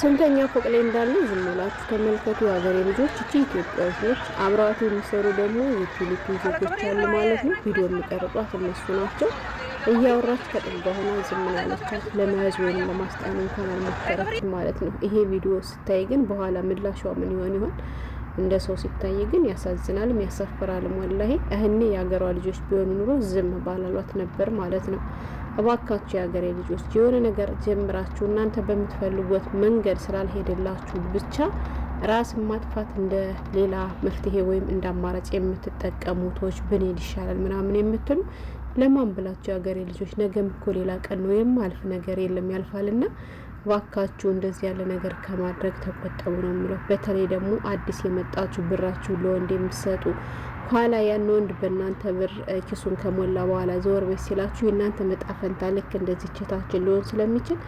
ስንተኛ ፎቅ ላይ እንዳለ ዝም ብላችሁ ተመልከቱ የሀገሬ ልጆች። እቺ ኢትዮጵያ ነች። አብረዋት የሚሰሩ ደግሞ የፊሊፒን ዜጎች አሉ ማለት ነው። ቪዲዮ የሚቀርጧት እነሱ ናቸው። እያወራች ከጥጋ ሆና ዝም አለቻት። ለመያዝ ወይም ለማስጣን እንኳን አልሞከረችም ማለት ነው። ይሄ ቪዲዮ ስታይ ግን በኋላ ምላሿ ምን ይሆን ይሆን? እንደ ሰው ሲታይ ግን ያሳዝናልም ያሳፍራልም። ወላሄ እህኔ የሀገሯ ልጆች ቢሆኑ ኑሮ ዝም ባላሏት ነበር ማለት ነው። እባካችሁ የሀገሬ ልጆች የሆነ ነገር ጀምራችሁ እናንተ በምትፈልጉት መንገድ ስላልሄደላችሁ ብቻ ራስ ማጥፋት እንደ ሌላ መፍትሄ ወይም እንደ አማራጭ የምትጠቀሙቶች ብንሄድ ይሻላል ምናምን የምትሉ ለማን ብላችሁ የሀገሬ ልጆች፣ ነገም እኮ ሌላ ቀን ነው፣ የማልፍ ነገር የለም ያልፋልና ባካችሁ እንደዚህ ያለ ነገር ከማድረግ ተቆጠቡ ነው የምለው። በተለይ ደግሞ አዲስ የመጣችሁ ብራችሁ ለወንድ የምትሰጡ ኋላ ያን ወንድ በእናንተ ብር ኪሱን ከሞላ በኋላ ዘወር ቤት ሲላችሁ የእናንተ መጣፈንታ ልክ እንደዚህ ችታችን ሊሆን ስለሚችል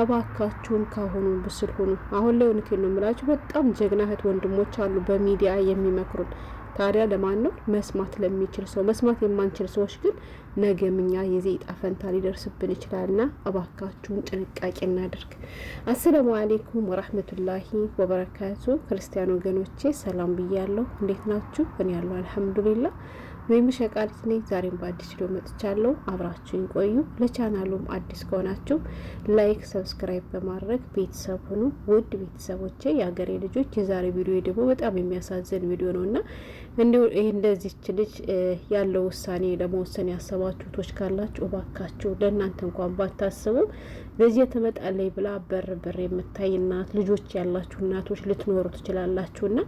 እባካችሁን ካሁኑ ብስል ሁኑ። አሁን ላይ እውነቴን ነው የምላችሁ፣ በጣም ጀግና እህት ወንድሞች አሉ በሚዲያ የሚመክሩን ታዲያ ለማን ነው? መስማት ለሚችል ሰው። መስማት የማንችል ሰዎች ግን ነገም እኛ የዚህ ዕጣ ፈንታ ሊደርስብን ይችላልና እባካችሁን ጥንቃቄ እናደርግ። አሰላሙ አሌይኩም ወራህመቱላሂ ወበረካቱ። ክርስቲያን ወገኖቼ ሰላም ብያለሁ። እንዴት ናችሁ? እኔ ያለሁ አልሐምዱሊላ ወይም ሸቃሪት ነኝ። ዛሬም በአዲስ ቪዲዮ መጥቻለሁ። አብራችሁኝ ቆዩ። ለቻናሉም አዲስ ከሆናችሁ ላይክ፣ ሰብስክራይብ በማድረግ ቤተሰብ ሁኑ። ውድ ቤተሰቦቼ፣ የሀገሬ ልጆች፣ የዛሬ ቪዲዮ ደግሞ በጣም የሚያሳዝን ቪዲዮ ነው እና እንደዚች ልጅ ያለው ውሳኔ ለመወሰን ያሰባችሁቶች ካላችሁ እባካችሁ ለእናንተ እንኳን ባታስቡ በዚህ ትመጣለይ ብላ በር በር የምታይ እናት ልጆች ያላችሁ እናቶች ልትኖሩ ትችላላችሁና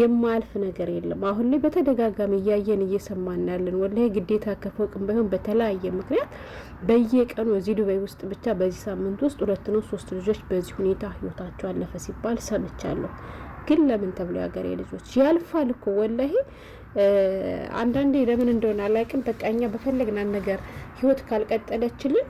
የማያልፍ ነገር የለም። አሁን ላይ በተደጋጋሚ እያየን እየሰማን ያለን ወላሂ ግዴታ ከፎቅም ባይሆን በተለያየ ምክንያት በየቀኑ እዚህ ዱባይ ውስጥ ብቻ በዚህ ሳምንት ውስጥ ሁለት ነው ሶስት ልጆች በዚህ ሁኔታ ህይወታቸው አለፈ ሲባል ሰምቻለሁ። ግን ለምን ተብሎ የሀገሬ ልጆች ያልፋል እኮ ወላሂ። አንዳንዴ ለምን እንደሆነ አላውቅም። በቃ እኛ በፈለግናን ነገር ህይወት ካልቀጠለችልን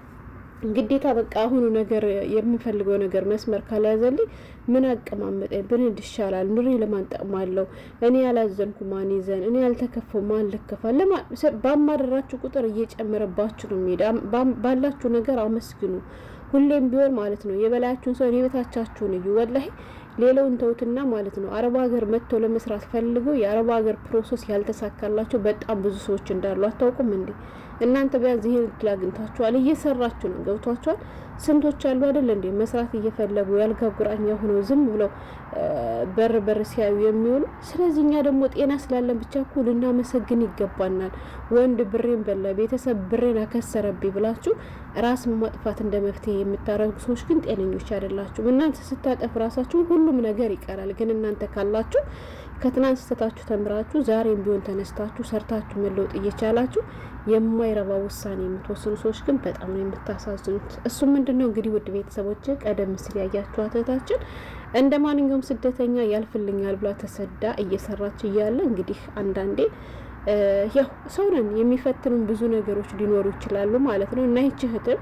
ግዴታ በቃ አሁኑ ነገር የምፈልገው ነገር መስመር ካልያዘልኝ ምን አቀማመጠ ብንድ ይሻላል፣ ምሪ ለማን ጠቅማለሁ፣ እኔ ያላዘንኩ ማን ይዘን፣ እኔ ያልተከፈው ማን ልከፋል። ባማደራችሁ ቁጥር እየጨመረባችሁ ነው የሚሄድ። ባላችሁ ነገር አመስግኑ፣ ሁሌም ቢሆን ማለት ነው። የበላያችሁን ሰው እኔ እዩ። ወላሂ ሌላውን ተውትና ማለት ነው። አረብ ሀገር መጥተው ለመስራት ፈልጉ የአረብ ሀገር ፕሮሰስ ያልተሳካላቸው በጣም ብዙ ሰዎች እንዳሉ አታውቁም እንዴ? እናንተ ቢያንስ ይሄን እድል አግኝታችኋል፣ እየሰራችሁ ነው። ገብቷችኋል? ስንቶች አሉ አይደል እንዴ መስራት እየፈለጉ ያልጋጉራኛ ቁራኛ ሆነው ዝም ብለው በር በር ሲያዩ የሚውሉ። ስለዚህ እኛ ደግሞ ጤና ስላለን ብቻ እኮ ልናመሰግን ይገባናል። ወንድ ብሬን በላ፣ ቤተሰብ ብሬን አከሰረብኝ ብላችሁ ራስ ማጥፋት እንደ መፍትሄ የምታረጉ ሰዎች ግን ጤነኞች አይደላችሁም። እናንተ ስታጠፍ ራሳችሁ ሁሉም ነገር ይቀራል። ግን እናንተ ካላችሁ ከትናንት ስህተታችሁ ተምራችሁ ዛሬም ቢሆን ተነስታችሁ ሰርታችሁ መለወጥ እየቻላችሁ የማይረባ ውሳኔ የምትወስኑ ሰዎች ግን በጣም ነው የምታሳዝኑት። እሱም ምንድን ነው እንግዲህ ውድ ቤተሰቦች ቀደም ሲል ያያችሁ እህታችን እንደ ማንኛውም ስደተኛ ያልፍልኛል ብላ ተሰዳ እየሰራች እያለ እንግዲህ አንዳንዴ ያው ሰውንን የሚፈትኑን ብዙ ነገሮች ሊኖሩ ይችላሉ ማለት ነው እና ይች እህትም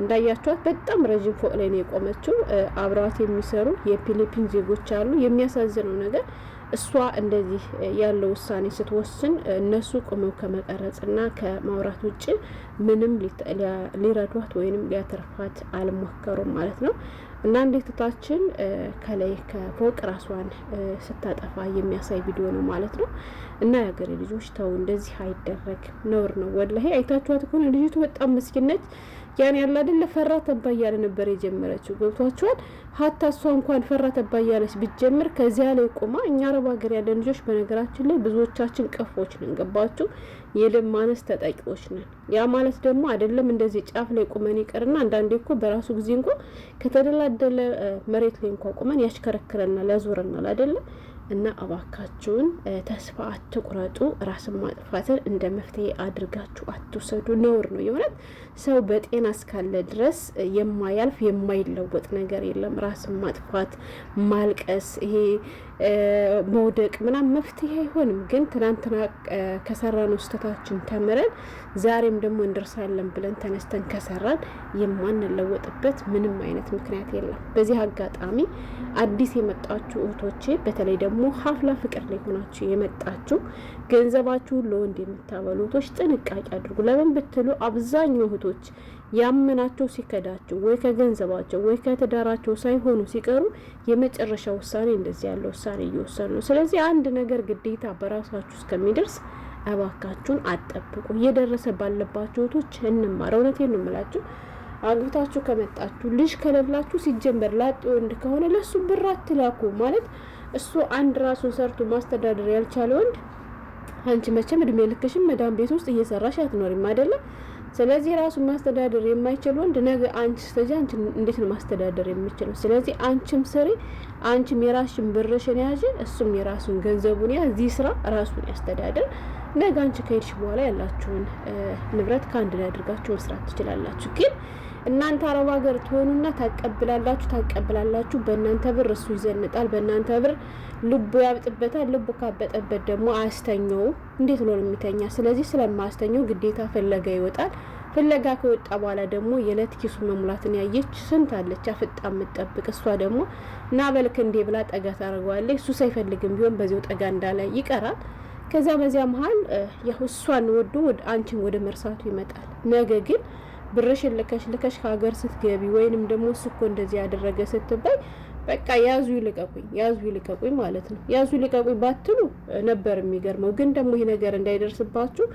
እንዳያቸዋት በጣም ረዥም ፎቅ ላይ ነው የቆመችው። አብረዋት የሚሰሩ የፊሊፒን ዜጎች አሉ። የሚያሳዝነው ነገር እሷ እንደዚህ ያለው ውሳኔ ስትወስን እነሱ ቆመው ከመቀረጽና ከማውራት ውጭ ምንም ሊረዷት ወይንም ሊያተርፋት አልሞከሩም ማለት ነው። እና እንዴት ከላይ ከፎቅ ራሷን ስታጠፋ የሚያሳይ ቪዲዮ ነው ማለት ነው። እና የሀገሬ ልጆች ተው፣ እንደዚህ አይደረግ፣ ነውር ነው። ወላሂ አይታችኋት ከሆነ ልጅቱ በጣም ምስኪን ያን ያለ አይደል ፈራ ተባ እያለ ነበር የጀመረችው። ገብቷችኋል? ሀታ እሷ እንኳን ፈራ ተባ እያለች ብትጀምር ከዚያ ላይ ቆማ፣ እኛ አረብ ሀገር ያለን ልጆች በነገራችን ላይ ብዙዎቻችን ቀፎች ነን። ገባችሁ? የደም ማነስ ተጠቂዎች ነን። ያ ማለት ደግሞ አይደለም እንደዚህ ጫፍ ላይ ቁመን ይቅርና አንዳንዴ እኮ በራሱ ጊዜ እንኳ ከተደላደለ መሬት ላይ እንኳ ቁመን ያሽከረክረናል፣ ያዞረናል አይደለም እና እባካችሁን ተስፋ አትቁረጡ። ራስን ማጥፋትን እንደ መፍትሄ አድርጋችሁ አትውሰዱ። ነውር ነው። የእውነት ሰው በጤና እስካለ ድረስ የማያልፍ የማይለወጥ ነገር የለም። ራስን ማጥፋት፣ ማልቀስ፣ ይሄ መውደቅ ምናምን መፍትሄ አይሆንም። ግን ትናንትና ከሰራነው ስህተታችን ተምረን ዛሬም ደግሞ እንደርሳለን ብለን ተነስተን ከሰራን የማንለወጥበት ምንም አይነት ምክንያት የለም። በዚህ አጋጣሚ አዲስ የመጣችሁ እህቶቼ በተለይ ደግሞ ደግሞ ሀፍላ ፍቅር ላይ ሆናችሁ የመጣችሁ ገንዘባችሁን ለወንድ የምታበሉ እህቶች ጥንቃቄ አድርጉ። ለምን ብትሉ አብዛኛው እህቶች ያመናቸው ሲከዳቸው ወይ ከገንዘባቸው ወይ ከትዳራቸው ሳይሆኑ ሲቀሩ የመጨረሻ ውሳኔ እንደዚህ ያለ ውሳኔ እየወሰኑ ነው። ስለዚህ አንድ ነገር ግዴታ በራሳችሁ እስከሚደርስ እባካችሁን አጠብቁ። እየደረሰ ባለባቸው እህቶች እንማር። እውነቴን ነው የምላችሁ አግብታችሁ ከመጣችሁ ልጅ ከሌላችሁ ሲጀመር ላጤ ወንድ ከሆነ ለሱ ብር አትላኩ ማለት እሱ አንድ ራሱን ሰርቶ ማስተዳደር ያልቻለ ወንድ አንቺ መቼም እድሜ ልክሽም መዳም ቤት ውስጥ እየሰራሽ አትኖሪም አይደለም። ስለዚህ ራሱ ማስተዳደር የማይችል ወንድ ነገ አንቺ ስተጂ አንቺ እንዴት ነው ማስተዳደር የምችለው? ስለዚህ አንቺም ስሪ፣ አንቺም የራስሽን ብርሽን ያዥ፣ እሱም የራሱን ገንዘቡን ያ እዚህ ስራ ራሱን ያስተዳደር። ነገ አንቺ ከሄድሽ በኋላ ያላችሁን ንብረት ከአንድ ላይ አድርጋችሁ መስራት ትችላላችሁ ግን እናንተ አረብ ሀገር ትሆኑና ታቀብላላችሁ ታቀብላላችሁ። በእናንተ ብር እሱ ይዘንጣል፣ በእናንተ ብር ልቡ ያብጥበታል። ልቡ ካበጠበት ደግሞ አያስተኘው፣ እንዴት ነው የሚተኛ? ስለዚህ ስለማያስተኘው ግዴታ ፍለጋ ይወጣል። ፍለጋ ከወጣ በኋላ ደግሞ የዕለት ኪሱ መሙላትን ያየች ስንት አለች አፍጣ የምትጠብቅ። እሷ ደግሞ ና በልክ እንዴ ብላ ጠጋ ታደርገዋለች። እሱ ሳይፈልግም ቢሆን በዚው ጠጋ እንዳለ ይቀራል። ከዚያ በዚያ መሀል ያው እሷን ወዶ አንቺን ወደ መርሳቱ ይመጣል። ነገ ግን ብርሽን ልከሽ ልከሽ ከሀገር ስትገቢ ወይንም ደግሞ እሱ እኮ እንደዚህ ያደረገ ስትባይ በቃ ያዙ ይልቀቁኝ፣ ያዙ ይልቀቁኝ ማለት ነው። ያዙ ይልቀቁኝ ባትሉ ነበር የሚገርመው። ግን ደግሞ ይህ ነገር እንዳይደርስባችሁ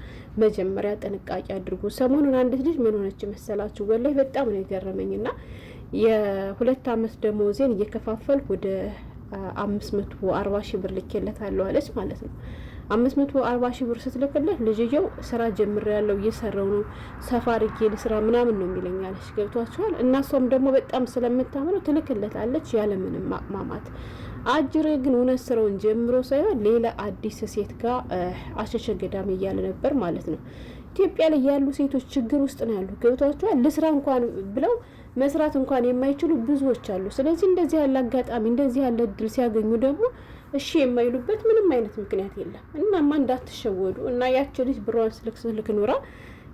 መጀመሪያ ጥንቃቄ አድርጉ። ሰሞኑን አንዲት ልጅ ምን ሆነች መሰላችሁ? ወላይ በጣም ነው የገረመኝ ና የሁለት አመት ደሞዜን እየከፋፈል ወደ አምስት መቶ አርባ ሺህ ብር ልኬለታለሁ አለች ማለት ነው። አምስት መቶ አርባ ሺህ ብር ስትልክልህ ልጅየው ስራ ጀምር ያለው እየሰራው ነው ሰፋ ልስራ ምናምን ነው የሚለኝ አለች። ገብቷችኋል? ደግሞ በጣም ስለምታምነው ትልክለታለች ያለምንም ማቅማማት። አጅሬ ግን እውነት ስራውን ጀምሮ ሳይሆን ሌላ አዲስ ሴት ጋር አሸሸ ገዳሜ እያለ ነበር ማለት ነው። ኢትዮጵያ ላይ ያሉ ሴቶች ችግር ውስጥ ነው ያሉ። ገብቷቸዋል። ልስራ እንኳን ብለው መስራት እንኳን የማይችሉ ብዙዎች አሉ። ስለዚህ እንደዚህ ያለ አጋጣሚ እንደዚህ ያለ እድል ሲያገኙ ደግሞ እሺ የማይሉበት ምንም አይነት ምክንያት የለም። እናማ እንዳትሸወዱ እና ያቺ ልጅ ብሯን ስልክ ስልክ ኑራ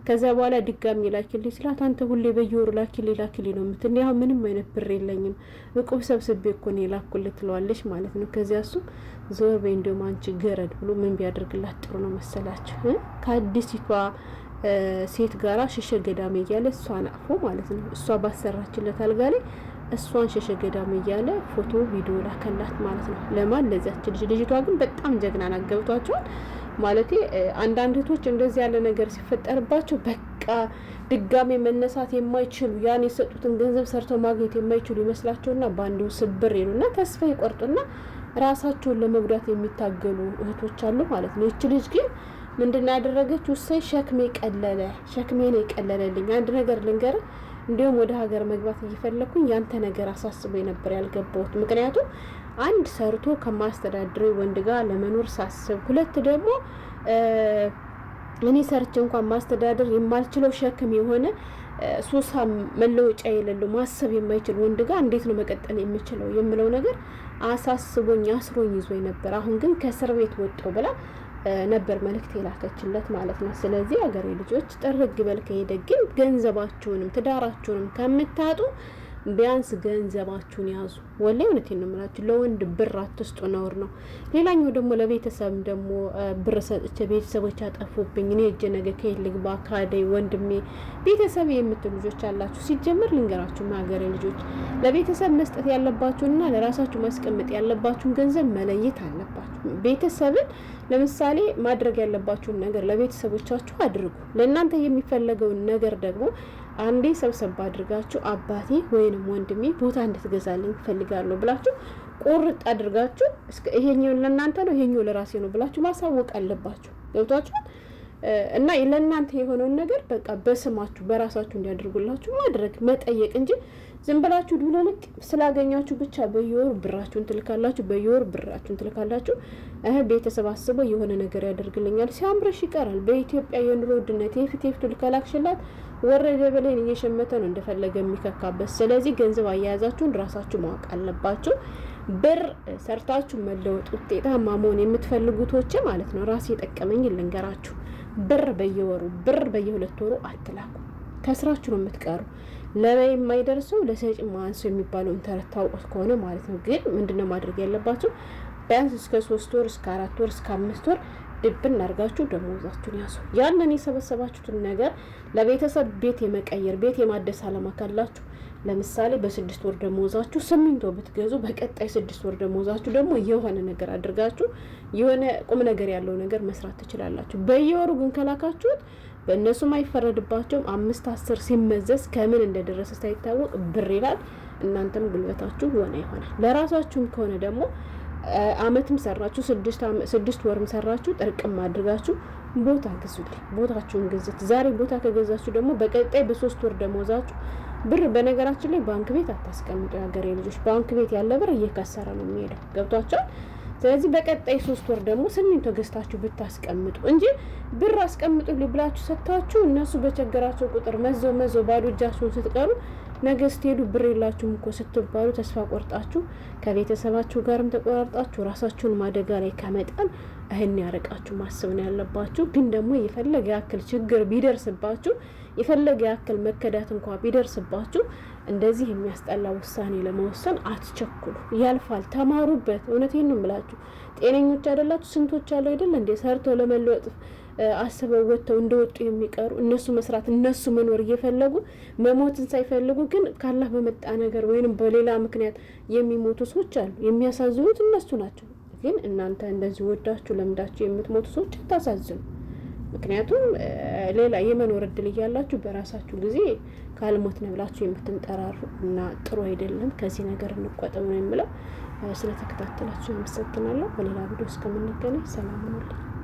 ከዛ በኋላ ድጋሚ ላኪልኝ ስላት አንተ ሁሌ በየወሩ ላኪልኝ ላኪልኝ ነው የምትል። ያው ምንም አይነት ብር የለኝም እቁብ ሰብስቤ እኮ ነው የላኩልህ ትለዋለች ማለት ነው። ከዚያ እሱ ዞር በይ እንዲሁም አንቺ ገረድ ብሎ ምን ቢያደርግላት ጥሩ ነው መሰላችሁ? ከአዲሲቷ ሴት ጋራ ሽሸ ገዳሜ እያለ እሷን አቅፎ ማለት ነው እሷ ባሰራችለት አልጋ ላይ እሷን ሸሸገዳም እያለ ፎቶ ቪዲዮ ላከላት ማለት ነው። ለማን ለዚያች ልጅ። ልጅቷ ግን በጣም ጀግና ናት። ገብቷቸዋል ማለት አንዳንድ እህቶች እንደዚህ ያለ ነገር ሲፈጠርባቸው በቃ ድጋሜ መነሳት የማይችሉ ያን የሰጡትን ገንዘብ ሰርተው ማግኘት የማይችሉ ይመስላቸውና በአንዱ ስብር ይሉና ተስፋ ይቆርጡና ራሳቸውን ለመጉዳት የሚታገሉ እህቶች አሉ ማለት ነው። ይች ልጅ ግን ምንድን ያደረገች ውሳይ ሸክሜ ቀለለ ሸክሜ ነው የቀለለልኝ። አንድ ነገር ልንገር እንዲሁም ወደ ሀገር መግባት እየፈለግኩኝ ያንተ ነገር አሳስቦ ነበር ያልገባሁት። ምክንያቱም አንድ ሰርቶ ከማስተዳድሬ ወንድ ጋር ለመኖር ሳስብ፣ ሁለት ደግሞ እኔ ሰርቼ እንኳን ማስተዳደር የማልችለው ሸክም የሆነ ሱሳ መለወጫ የሌለው ማሰብ የማይችል ወንድ ጋር እንዴት ነው መቀጠል የምችለው የምለው ነገር አሳስቦኝ አስሮኝ ይዞ ነበር። አሁን ግን ከእስር ቤት ወጣሁ ብላ ነበር መልእክት የላከችለት ማለት ነው። ስለዚህ አገሬ ልጆች ጥርግ በል ከሄደ ግን ገንዘባችሁንም ትዳራችሁንም ከምታጡ ቢያንስ ገንዘባችሁን ያዙ። ወላሂ እውነቴን ነው የምላችሁ። ለወንድ ብር አትስጡ፣ ነውር ነው። ሌላኛው ደግሞ ለቤተሰብ ደግሞ ብር ሰጥቼ ቤተሰቦች አጠፉብኝ፣ እኔ እጄ ነገ ከየት ልግባ ካደይ ወንድሜ ቤተሰብ የምትሉ ልጆች አላችሁ። ሲጀምር ልንገራችሁ፣ ሀገሬ ልጆች ለቤተሰብ መስጠት ያለባችሁንና ለራሳችሁ ማስቀመጥ ያለባችሁን ገንዘብ መለየት አለባችሁ። ቤተሰብን ለምሳሌ ማድረግ ያለባችሁን ነገር ለቤተሰቦቻችሁ አድርጉ። ለእናንተ የሚፈለገውን ነገር ደግሞ አንዴ ሰብሰብ አድርጋችሁ አባቴ ወይንም ወንድሜ ቦታ እንድትገዛልኝ ፈልጋለሁ ብላችሁ ቁርጥ አድርጋችሁ ይሄኛው ለእናንተ ነው ይሄኛው ለራሴ ነው ብላችሁ ማሳወቅ አለባችሁ። ገብቷችኋል? እና ለእናንተ የሆነውን ነገር በቃ በስማችሁ በራሳችሁ እንዲያደርጉላችሁ ማድረግ መጠየቅ እንጂ ዝም ብላችሁ ልቅ ስላገኛችሁ ብቻ በየወር ብራችሁን ትልካላችሁ፣ በየወር ብራችሁን ትልካላችሁ። እህ ቤተሰብ የሆነ ነገር ያደርግልኛል ሲያምረሽ ይቀራል። በኢትዮጵያ የኑሮ ውድነት የፊት የፊቱ ልከላክሽላት ወረደ በላይን እየሸመተ ነው እንደፈለገ የሚከካበት። ስለዚህ ገንዘብ አያያዛችሁን ራሳችሁ ማወቅ አለባችሁ። ብር ሰርታችሁ መለወጥ፣ ውጤታማ መሆን የምትፈልጉቶች ማለት ነው። ራሴ የጠቀመኝ ልንገራችሁ። ብር በየወሩ ብር በየሁለት ወሩ አትላኩ። ከስራችሁ ነው የምትቀሩ። ለበይ የማይደርሰው ለሰጭ ማንሱ የሚባለውን ተረት ታውቁት ከሆነ ማለት ነው። ግን ምንድነው ማድረግ ያለባችሁ? ቢያንስ እስከ ሶስት ወር እስከ አራት ወር እስከ አምስት ወር ድብን አድርጋችሁ ደሞዛችሁን ያዙ። ያንን የሰበሰባችሁትን ነገር ለቤተሰብ ቤት የመቀየር ቤት የማደስ አላማ ካላችሁ ለምሳሌ በስድስት ወር ደሞዛችሁ ስሚንቶ ብትገዙ በቀጣይ ስድስት ወር ደሞዛችሁ ደግሞ የሆነ ነገር አድርጋችሁ የሆነ ቁም ነገር ያለው ነገር መስራት ትችላላችሁ። በየወሩ ግን ከላካችሁት በእነሱም አይፈረድባቸውም። አምስት አስር ሲመዘዝ ከምን እንደደረሰ ሳይታወቅ ብር ይላል። እናንተም ጉልበታችሁ ሆነ ይሆናል። ለራሳችሁም ከሆነ ደግሞ አመትም ሰራችሁ ስድስት ወርም ሰራችሁ ጥርቅም አድርጋችሁ ቦታ ግዙልኝ። ቦታችሁን ግዝት። ዛሬ ቦታ ከገዛችሁ ደግሞ በቀጣይ በሶስት ወር ደሞዛችሁ ብር በነገራችን ላይ ባንክ ቤት አታስቀምጡ። የሀገሬ ልጆች ባንክ ቤት ያለ ብር እየከሰረ ነው የሚሄደው። ገብቷቸዋል። ስለዚህ በቀጣይ ሶስት ወር ደግሞ ስሚንቶ ገዝታችሁ ብታስቀምጡ እንጂ ብር አስቀምጡ ብላችሁ ሰጥታችሁ እነሱ በቸገራቸው ቁጥር መዘው መዘው ባዶ እጃችሁን ስትቀሩ ነገ ስትሄዱ ብር የላችሁም እኮ ስትባሉ ተስፋ ቆርጣችሁ ከቤተሰባችሁ ጋርም ተቆራርጣችሁ ራሳችሁን ማደጋ ላይ ከመጣል እህን ያረቃችሁ ማሰብ ነው ያለባችሁ። ግን ደግሞ የፈለገ ያክል ችግር ቢደርስባችሁ የፈለገ ያክል መከዳት እንኳ ቢደርስባችሁ እንደዚህ የሚያስጠላ ውሳኔ ለመወሰን አትቸኩሉ። ያልፋል፣ ተማሩበት። እውነቴን ነው የምላችሁ። ጤነኞች አይደላችሁ? ስንቶች አለው አይደለ እንዴ ሰርቶ ለመለወጥ አስበው ወጥተው እንደወጡ የሚቀሩ እነሱ መስራት እነሱ መኖር እየፈለጉ መሞትን ሳይፈልጉ ግን ካላህ በመጣ ነገር ወይንም በሌላ ምክንያት የሚሞቱ ሰዎች አሉ። የሚያሳዝኑት እነሱ ናቸው። ግን እናንተ እንደዚህ ወዳችሁ ለምዳችሁ የምትሞቱ ሰዎች አታሳዝኑ። ምክንያቱም ሌላ የመኖር እድል እያላችሁ በራሳችሁ ጊዜ ካልሞት ነብላችሁ የምትንጠራሩ እና ጥሩ አይደለም። ከዚህ ነገር እንቆጠብ ነው የምለው። ስለተከታተላችሁ አመሰግናለሁ። በሌላ ቪዲዮ እስከምንገናኝ ሰላም ሁኑልኝ።